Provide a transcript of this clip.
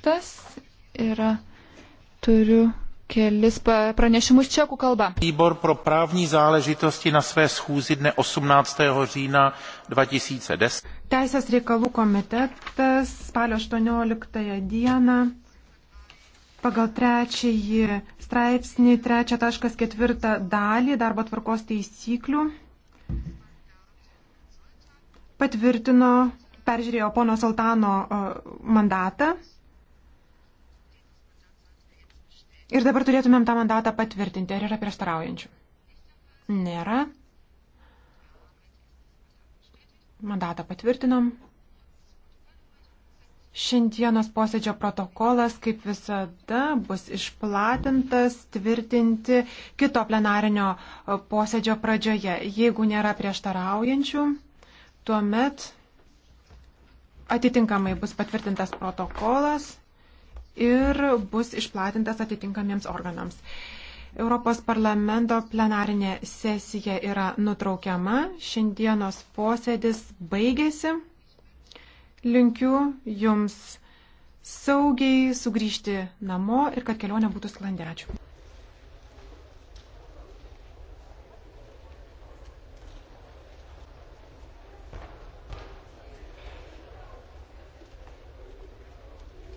Tas yra, turiu kelis pranešimus čekų kalba. Výbor pro právní záležitosti na své schůzi dne 18. října 2010. Teisės reikalų komitetas spalio 18 dieną pagal trečiąjį straipsnį 3.4 dalį darbo tvarkos taisyklių patvirtino, peržiūrėjo pono Saltano mandatą. Ir dabar turėtumėm tą mandatą patvirtinti. Ar yra prieštaraujančių? Nėra. Mandatą patvirtinom. Šiandienos posėdžio protokolas, kaip visada, bus išplatintas tvirtinti kito plenarinio posėdžio pradžioje. Jeigu nėra prieštaraujančių, tuomet atitinkamai bus patvirtintas protokolas ir bus išplatintas atitinkamiems organams. Europos parlamento plenarinė sesija yra nutraukiama, šiandienos posėdis baigėsi. Linkiu Jums saugiai sugrįžti namo ir kad kelionė būtų sklandė. Ačiū.